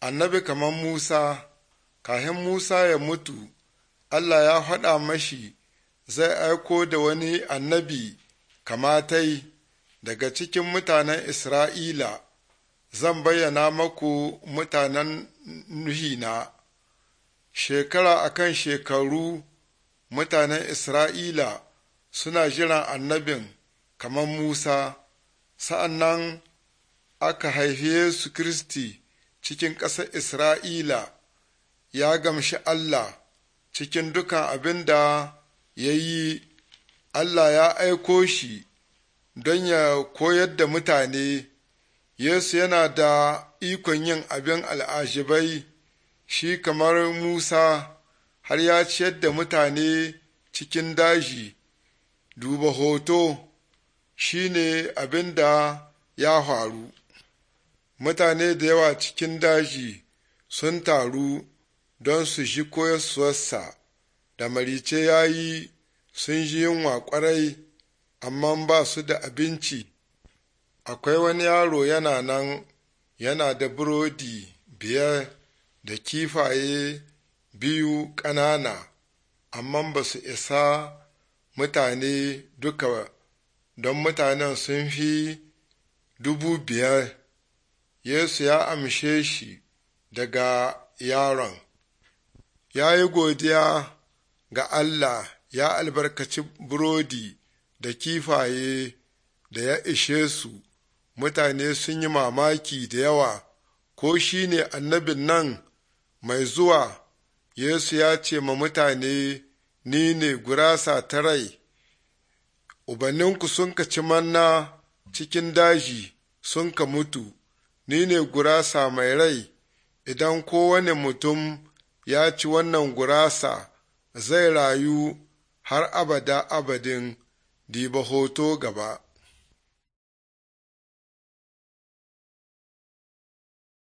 annabi kamar Musa, kahin Musa ya mutu, Allah ya faɗa mashi zai aiko da wani annabi kamatai daga cikin mutanen Isra'ila, zan bayyana maku mutanen nuhina. Shekara akan shekaru mutanen Isra'ila suna jiran annabin kamar Musa, sa'an nan aka haife su Kiristi. cikin ƙasar Isra'ila ya gamshi Allah cikin duka abin da ya yi, Allah ya aiko shi don ya koyar da mutane, Yesu yana da ikon yin abin al'ajibai shi kamar Musa har ya ciyar da mutane cikin daji, duba hoto shi ne abin da ya faru. mutane da yawa cikin daji sun taru don su shi koyarsuwarsa da marice ya yi sun ji yunwa ƙwarai amma ba su da abinci akwai wani yaro yana nan yana da burodi biyar da kifaye biyu ƙanana amma ba su isa mutane duka don mutanen sun fi dubu biyar Yesu ya amshe shi daga yaron, ya yi godiya ga Allah ya albarkaci burodi da kifaye da ya ishe su, mutane sun yi mamaki da yawa, ko shi ne annabin nan mai zuwa, Yesu ya ce ma mutane, Ni ne gurasa ta rai, ubanninku sun ka ci manna cikin daji sun ka mutu. ni ne gurasa mai rai, idan kowane mutum ya ci wannan gurasa zai rayu har abada abadin, diba hoto gaba.